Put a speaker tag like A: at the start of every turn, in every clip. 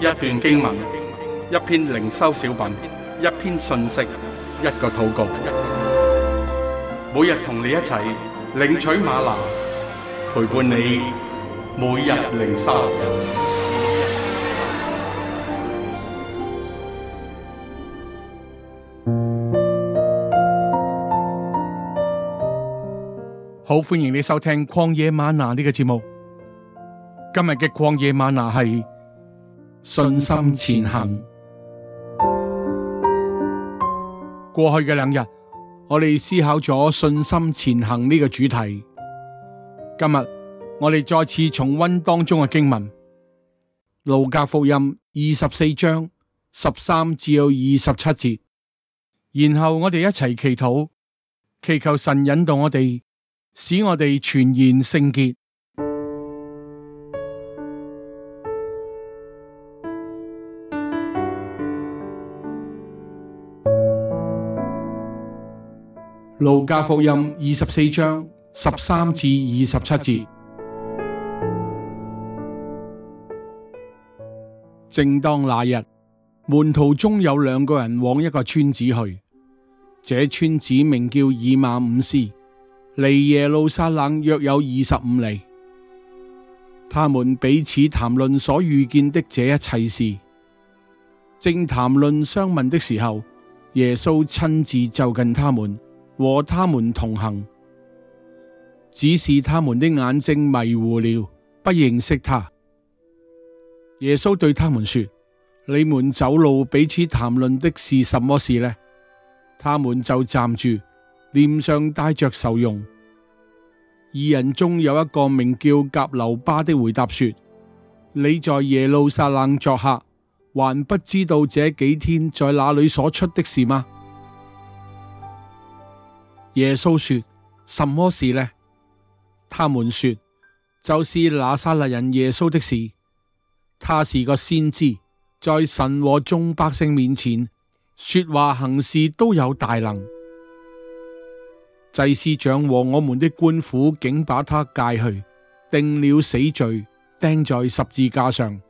A: 一段經文，一篇靈修小品，一篇信息，一個禱告。每日同你一齊領取嗎哪，陪伴你每日靈修。好，歡迎你收聽《曠野嗎哪》呢個節目。今日嘅曠野嗎哪係。信心前行。過去嘅兩日，我哋思考咗信心前行呢個主題。今日我哋再次重溫當中嘅經文，《路加福音》二十四章十三至二十七節。然後我哋一齊祈禱，祈求神引導我哋，使我哋全然聖潔。路加福音二十四章十三至二十七節。正當那日，門徒中有兩個人往一個村子去，這村子名叫以馬忤斯，離耶路撒冷約有二十五里。他們彼此談論所遇見的這一切事，正談論相問的時候，耶穌親自就近他們。和他們同行，只是他們的眼睛迷糊了，不認識他。耶穌對他們說：你們走路彼此談論的是什麼事呢？他們就站住，臉上帶着愁容。二人中有一個名叫革流巴的，回答說：你在耶路撒冷作客，還不知道這幾天在哪裏所出的事嗎？耶穌說：什麼事呢？他們說，就是拿撒勒人耶穌的事。他是個先知，在神和眾百姓面前說話行事都有大能。祭司長和我們的官府竟把他戒去，定了死罪，釘在十字架上。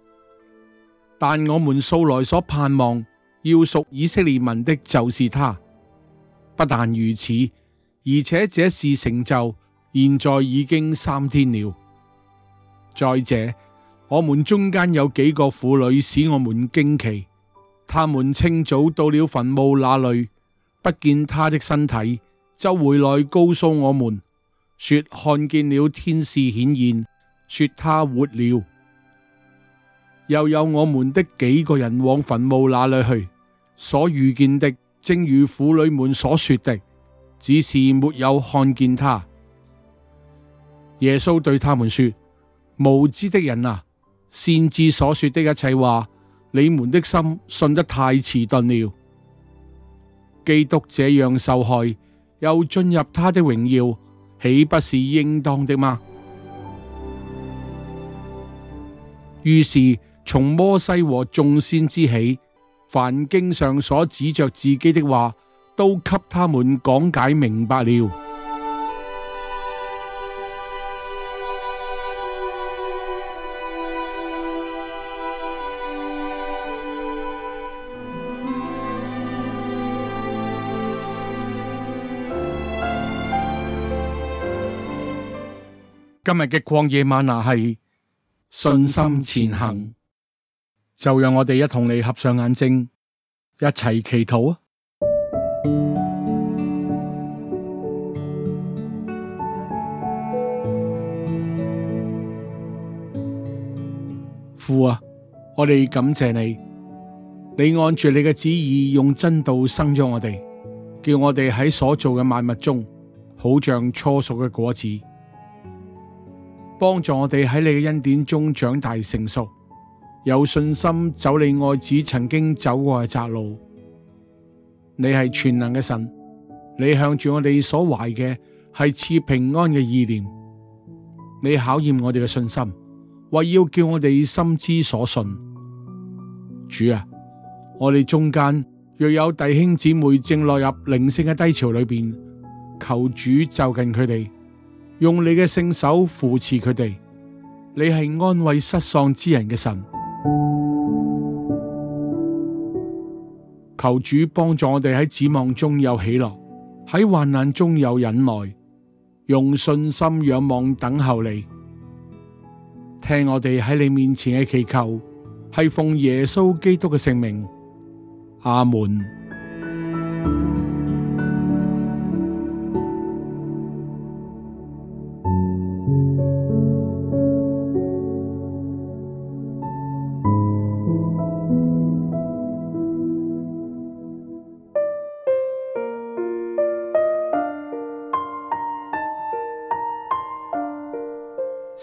A: 但我們素來所盼望，要屬以色列民的，就是他。不但如此。而且這事成就現在已經三天了。再者，我們中間有幾個婦女使我們驚奇，他們清早到了墳墓那裏，不見他的身體，就回來告訴我們，說看見了天使顯現，說他活了。又有我們的幾個人往墳墓那裏去，所遇見的正如婦女們所說的。只是沒有看見他。耶穌對他們說：無知的人啊，先知所說的一切話，你們的心信得太遲鈍了。基督這樣受害，又進入他的榮耀，豈不是應當的嗎？於是從摩西和眾先知起，凡經上所指着自己的話。.都給他們講解明白了。 今日嘅曠野嗎哪係信心前行， 就讓我哋一同嚟，合上眼睛，一齊祈禱。父啊，我哋感謝你。你按住你嘅旨意，用真道生咗我哋，叫我哋喺所做嘅萬物中，好像初熟嘅果子，幫助我哋喺你嘅恩典中長大成熟，有信心走你愛子曾經走過嘅窄路。你係全能嘅神，你向住我哋所懷嘅係賜平安嘅意念。你考驗我哋嘅信心，為要叫我哋心之所信。主啊，我哋中間若有弟兄姊妹正落入靈性嘅低潮裏邊，求主就近佢哋，用你嘅聖手扶持佢哋。你係安慰失喪之人嘅神。求主幫助我哋喺指望中有喜樂，喺患難中有忍耐，用信心仰望等候你。聽我哋喺你面前嘅祈求，係奉耶穌基督嘅聖名。阿門。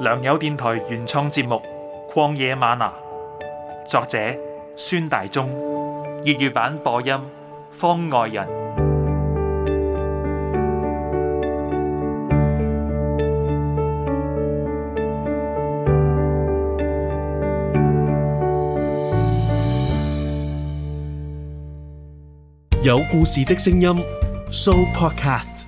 A: 良友電台原創節目《曠野嗎哪》，作者孫大中，粵語版播音方外人，有故事的聲音，Show Podcast。